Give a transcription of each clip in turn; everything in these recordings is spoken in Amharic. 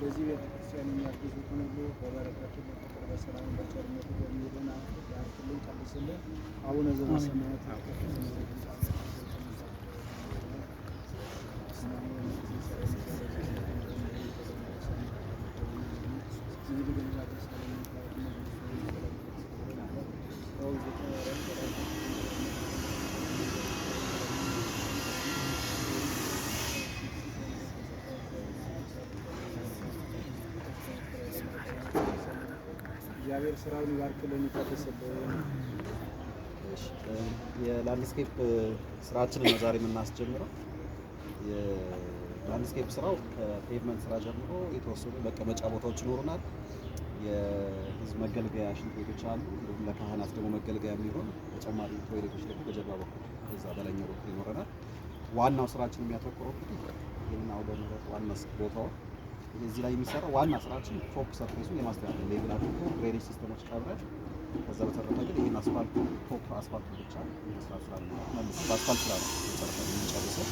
በዚህ ቤተክርስቲያን የሚያግዙትን ሁሉ በበረከቱ በፍቅር በሰላም በቸርነቱ በሚልና ያክልን ቀድስልን። አቡነ ዘበሰማያት Thank you. እግዚአብሔር ስራውን ይባርክልን፣ ይቀድስልን። የላንድስኬፕ ስራችንን ነው ዛሬ የምናስጀምረው። የላንድስኬፕ ስራው ከፔቭመንት ስራ ጀምሮ የተወሰኑ መቀመጫ ቦታዎች ይኖሩናል። የህዝብ መገልገያ ሽንት ቤቶች አሉ። እንዲሁም ለካህናት ደግሞ መገልገያ የሚሆን ተጨማሪ ቶይሌቶች ደግሞ በጀርባ በኩል እዛ በላይኛው በኩል ይኖረናል። ዋናው ስራችን የሚያተኩረው እንግዲህ ይህን አውደ ምህረት ዋና ቦታውን እዚህ ላይ የሚሰራው ዋና ስራችን ፎክስ ሰርፌሱን የማስተካከል ሌብል አድርጎ ድሬኔጅ ሲስተሞች ቀብረን ከዛ በተረፈ ግን ይህን አስፋልቱ ቶፕ አስፋልቱ ብቻ መስራት ስራ መልስ በአስፋልት ስራ ነው መጨረሻ የምንጨርሰው።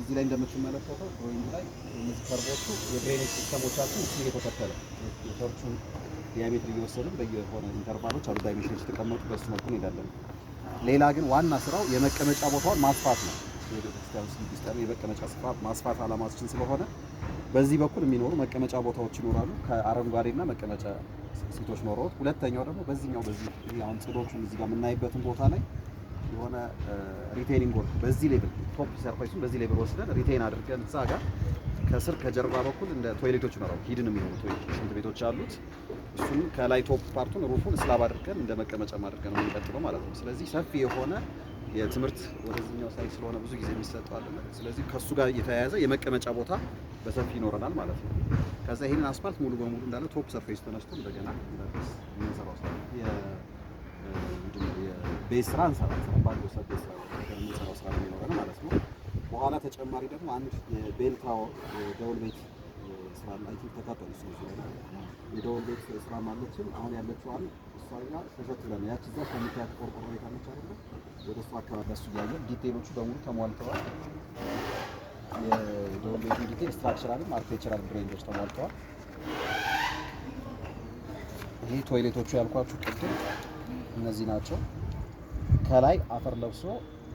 እዚህ ላይ እንደምትመለከተው ድሮይንግ ላይ እነዚህ ከርቦቹ የድሬኔጅ ሲስተሞቻችን እሱ እየተከተለ ቶርቹን ዲያሜትር እየወሰድን በየሆነ ኢንተርቫሎች አሉ ዳይሜንሽኖች የተቀመጡ በእሱ መልኩ እንሄዳለን። ሌላ ግን ዋና ስራው የመቀመጫ ቦታውን ማስፋት ነው። የቤተክርስቲያን ውስጥ የመቀመጫ ስፍራ ማስፋት አላማችን ስለሆነ በዚህ በኩል የሚኖሩ መቀመጫ ቦታዎች ይኖራሉ፣ ከአረንጓዴና መቀመጫ ሴቶች ኖረውት። ሁለተኛው ደግሞ በዚህኛው በዚህ አሁን ጽዶቹን እዚህ ጋር የምናይበትን ቦታ ላይ የሆነ ሪቴይኒንግ ወርክ በዚህ ሌብል ቶፕ ሰርፋይሱን በዚህ ሌብል ወስደን ሪቴይን አድርገን እዛ ጋር ከስር ከጀርባ በኩል እንደ ቶይሌቶች ይኖራሉ፣ ሂድን የሚሆኑ ሽንት ቤቶች አሉት። እሱን ከላይ ቶፕ ፓርቱን ሩፉን ስላብ አድርገን እንደ መቀመጫ አድርገን ነው የሚቀጥለው ማለት ነው። ስለዚህ ሰፊ የሆነ የትምህርት ወደዚህኛው ሳይት ስለሆነ ብዙ ጊዜ የሚሰጠው አለ። ስለዚህ ከሱ ጋር የተያያዘ የመቀመጫ ቦታ በሰፊ ይኖረናል ማለት ነው። ከዛ ይህንን አስፋልት ሙሉ በሙሉ እንዳለ ቶፕ ሰርፌስ ተነስቶ እንደገና የምንሰራው ስራ ቤት ስራ እንሰራለን። የምንሰራው ስራ ነው የሚኖረን ማለት ነው። በኋላ ተጨማሪ ደግሞ አንድ የቤልትራ ደውል ቤት ስራ ላይ ተቃጠሉ ሰዎች ነው። የደወል ቤት ስራ ማለችም አሁን ያለችው አለ እሷ ጋር ተሸትለ ነው ያቺ እዛ ከምታያት ቆርቆሮ ቤት አለች አይደለ? ወደ እሷ አካባቢ እሱ እያየን ዲቴሎቹ በሙሉ ተሟልተዋል። የደወል ቤቱ ዲቴል ስትራክቸራልም አርክቴክቸራል ብሬንዶች ተሟልተዋል። ይህ ቶይሌቶቹ ያልኳችሁ ቅድም እነዚህ ናቸው። ከላይ አፈር ለብሶ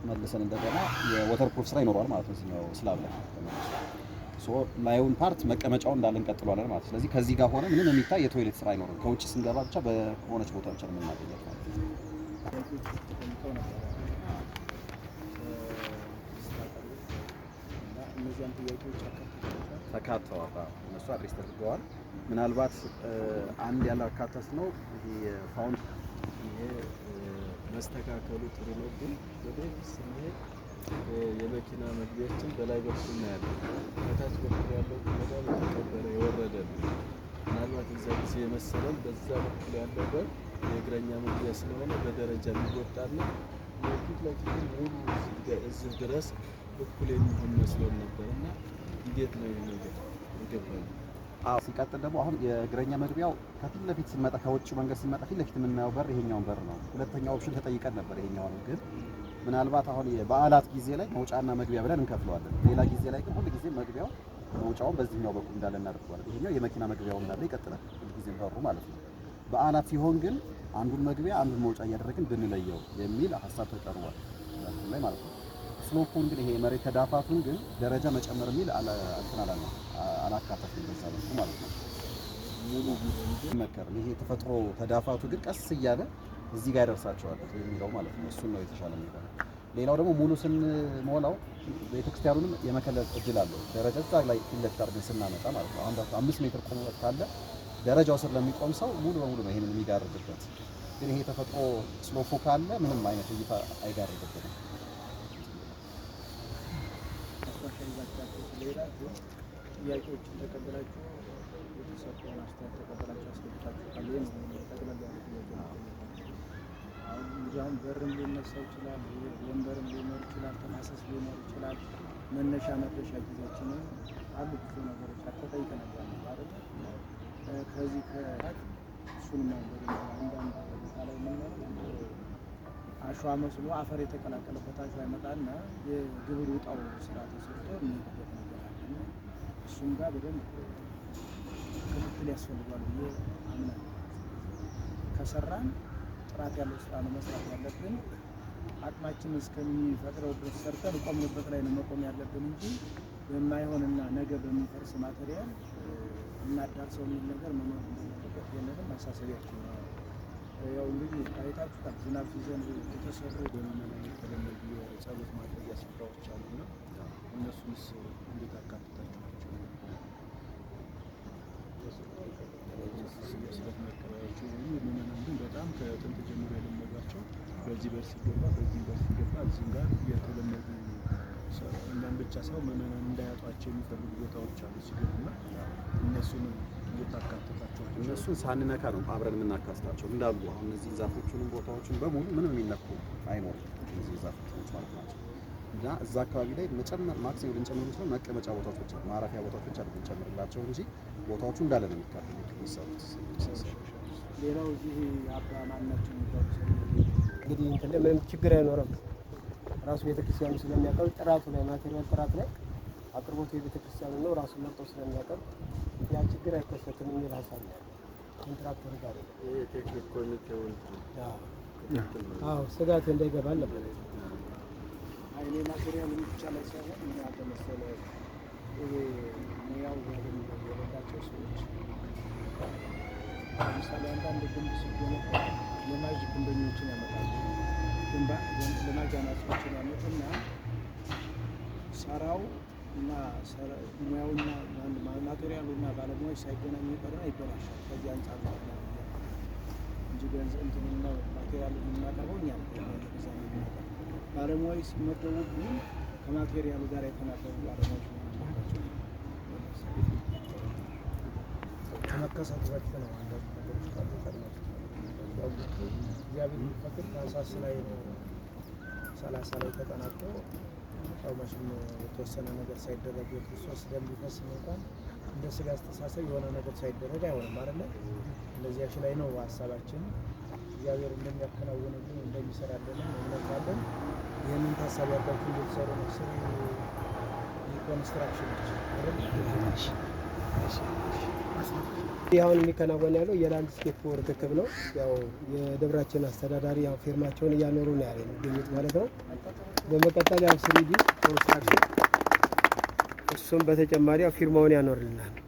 መልሰን እንደገና የወተር ፕሩፍ ስራ ይኖረዋል ማለት ነው። ስላብ ላይ ላዩን ፓርት መቀመጫው እንዳለ እንቀጥሏለን ማለት። ስለዚህ ከዚህ ጋር ሆነ ምንም የሚታይ የቶይሌት ስራ አይኖርም። ከውጭ ስንገባ ብቻ በሆነች ቦታ ብቻ የምናገኘት ማለት ነው። ተካተዋል። እነሱ አድሬስ ተደርገዋል። ምናልባት አንድ ያለ አካተት ነው ይሄ ፋውንድ ይሄ መስተካከሉ ጥሩ ነው ግን ወደ ስንሄድ የመኪና መግቢያችን በላይ በኩል ነው ያለው። ከታች በኩል ያለው በጣም የተቀበረ የወረደ ነው። ምናልባት እዛ ጊዜ የመሰለን በዛ በኩል ያለው በር የእግረኛ መግቢያ ስለሆነ በደረጃ የሚወጣና የፊት ለፊት ሙሉ እዚህ ድረስ እኩል የሚሆን መስሎን ነበር እና እንዴት ነው ይህ ነገር የገባኝ? ሲቀጥል ደግሞ አሁን የእግረኛ መግቢያው ከፊት ለፊት ስንመጣ ከውጭ መንገድ ስንመጣ ፊት ለፊት የምናየው በር ይሄኛውን በር ነው። ሁለተኛው ኦፕሽን ተጠይቀን ነበር። ይሄኛውን ግን ምናልባት አሁን የበዓላት ጊዜ ላይ መውጫና መግቢያ ብለን እንከፍለዋለን። ሌላ ጊዜ ላይ ግን ሁል ጊዜ መግቢያው መውጫውን በዚህኛው በኩል እንዳለ እናደርገዋለን። ይሄኛው የመኪና መግቢያው እንዳለ ይቀጥላል ሁልጊዜም በሩ ማለት ነው። በዓላት ሲሆን ግን አንዱን መግቢያ አንዱን መውጫ እያደረግን ብንለየው የሚል ሀሳብ ተቀርቧል ላይ ማለት ነው። ስሎፑን ግን ይሄ መሬት ተዳፋቱን ግን ደረጃ መጨመር የሚል አልተናላለ አላካተፍም በዛ በኩል ማለት ነው። ይመከርም ይሄ ተፈጥሮ ተዳፋቱ ግን ቀስ እያለ እዚህ ጋር ደርሳቸዋል የሚለው ማለት ነው። እሱን ነው የተሻለ የሚሆነው። ሌላው ደግሞ ሙሉ ስንሞላው ቤተክርስቲያኑንም የመከለል እድል አለው። ደረጃ እዛ ላይ ፊት አድርገን ስናመጣ ማለት ነው። አንድ አምስት ሜትር ቁመት ካለ ደረጃው ስር ለሚቆም ሰው ሙሉ በሙሉ ነው ይሄንን የሚጋርድበት። ግን ይሄ ተፈጥሮ ስሎፉ ካለ ምንም አይነት እይታ አይጋርድበትም። ጥያቄዎችን ተቀበላችሁ፣ የተሰጠውን አስተያየት ተቀበላችሁ፣ አሁን በርም ሊነሳ ይችላል፣ ወንበርም ሊኖር ይችላል፣ ተማሰስ ሊኖር ይችላል። መነሻ መድረሻ ጊዜያችንን አሉ ብዙ ነገሮች አተጠይቀናል አይደል? ከዚህ ከት እሱን መንገድ አንዳንድ ቦታ ላይ የምናየው አሸዋ መስሎ አፈር የተቀላቀለበት አሸዋ ይመጣና የግብር ውጣው ስራ ተሰርቶ የሚሄድበት ነገር አለ። እሱም ጋር በደንብ ክትትል ያስፈልጓል ብዬ አምናለሁ። ከሰራን ጥራት ያለው ስራ ነው መስራት ያለብን። አቅማችን እስከሚፈቅደው ድረስ ሰርተን ቆምንበት ላይ ነው መቆም ያለብን እንጂ በማይሆንና ነገ በሚፈርስ ማቴሪያል እናዳርሰው የሚል ነገር መኖር እንደሌለበት የለንም። አሳሰቢያችን ነው። ያው እንግዲህ አይታችሁታል። ዝናብ ሲዘንብ የተሰሩ በመመላ የተለመዱ የጸሎት ማድረጊያ ስፍራዎች አሉና እነሱንስ እንዴት አካትታችኋቸው? በጣም ከጥንት ጀምሮ የለመዷቸው በዚህ በር ሲገባ በዚህ በር ሲገባ እዚህም ጋር የተለመዱ እኛም ብቻ ሳይሆን እንዳያጧቸው የሚፈልጉ ቦታዎች አሉ ሲገቡና እነሱንም እነሱን ሳንነካ ነው አብረን የምናካስታቸው እንዳሉ አሁን እነዚህ ዛፎቹንም ቦታዎችን በሙሉ ምንም የሚነኩ አይኖርም እነዚህ ዛፎች ማለት ናቸው። እና እዛ አካባቢ ላይ መጨመር ማክሲም ልንጨምር ይችላል መቀመጫ ቦታዎች ብቻ ማረፊያ ቦታዎች ብቻ ልንጨምርላቸው እንጂ ቦታዎቹ እንዳለ ነው የሚካፈሉ የሚሰሩት። ሌላው እዚህ አባ ማናቸው እንግዲህ ምንም ችግር አይኖረም። ራሱ ቤተክርስቲያኑ ስለሚያቀርብ ጥራቱ ላይ ማቴሪያል ጥራት ላይ አቅርቦቱ የቤተክርስቲያኑ ነው ራሱ መርጦ ስለሚያቀርብ ያ ችግር አይከሰትም የሚል ሀሳብ ነው። ኮንትራክተር ጋር ቴክኒክ ኮሚቴውን ስጋት እንዳይገባ ነበር እኔ ማቴሪያል ብቻ ላይ ሳይሆን እኛ በመሰለ መሰለ ሙያው የሌላቸው ሰዎች ለምሳሌ አንዳንድ ግንብ ሲገነባ ለማጅ ግንበኞችን ያመጣሉ። ለማጅ አናጺዎችን ያመጡና ሰራው እና ሙያውና ማቴሪያሉ ማቴሪያሉና ባለሙያዎች ሳይገናኙ ይቀርና ይበላሻል። ከዚህ አንጻር እንጂ ገንዘብ እንትንና ማቴሪያሉ የምናቀርበው እኛ ነው ዛ ባለሙያዎች ሲመደቡ ብዙ ከማቴሪያሉ ጋር የተናበቡ ባለሙያዎች በፊት ነው። አንዳንድ ነገሮች ካሉ እግዚአብሔር የሚፈቅድ ታህሳስ ላይ ነው ሰላሳ ላይ ያው መቼም የተወሰነ ነገር ሳይደረግ የክርስቶስ ደም ቢፈስም እንኳን እንደ ስጋ አስተሳሰብ የሆነ ነገር ሳይደረግ አይሆንም አይደለ? በዚያች ላይ ነው ሀሳባችን። እግዚአብሔር እንደሚያከናውንልን እንደሚሰራልን እንመጣለን። ይህንን ታሳቢ ያዳችሁ እንደተሰሩ ነው ስሩ ኮንስትራክሽኖች አሁን የሚከናወን ያለው የላንድስኬፕ ርክክብ ነው። ያው የደብራችን አስተዳዳሪ ያው ፊርማቸውን እያኖሩ ነው ያለ የሚገኙት ማለት ነው። በመቀጠል ያው ስሪዲ ኮንስትራክሽን እሱም በተጨማሪ ያው ፊርማውን ያኖርልናል።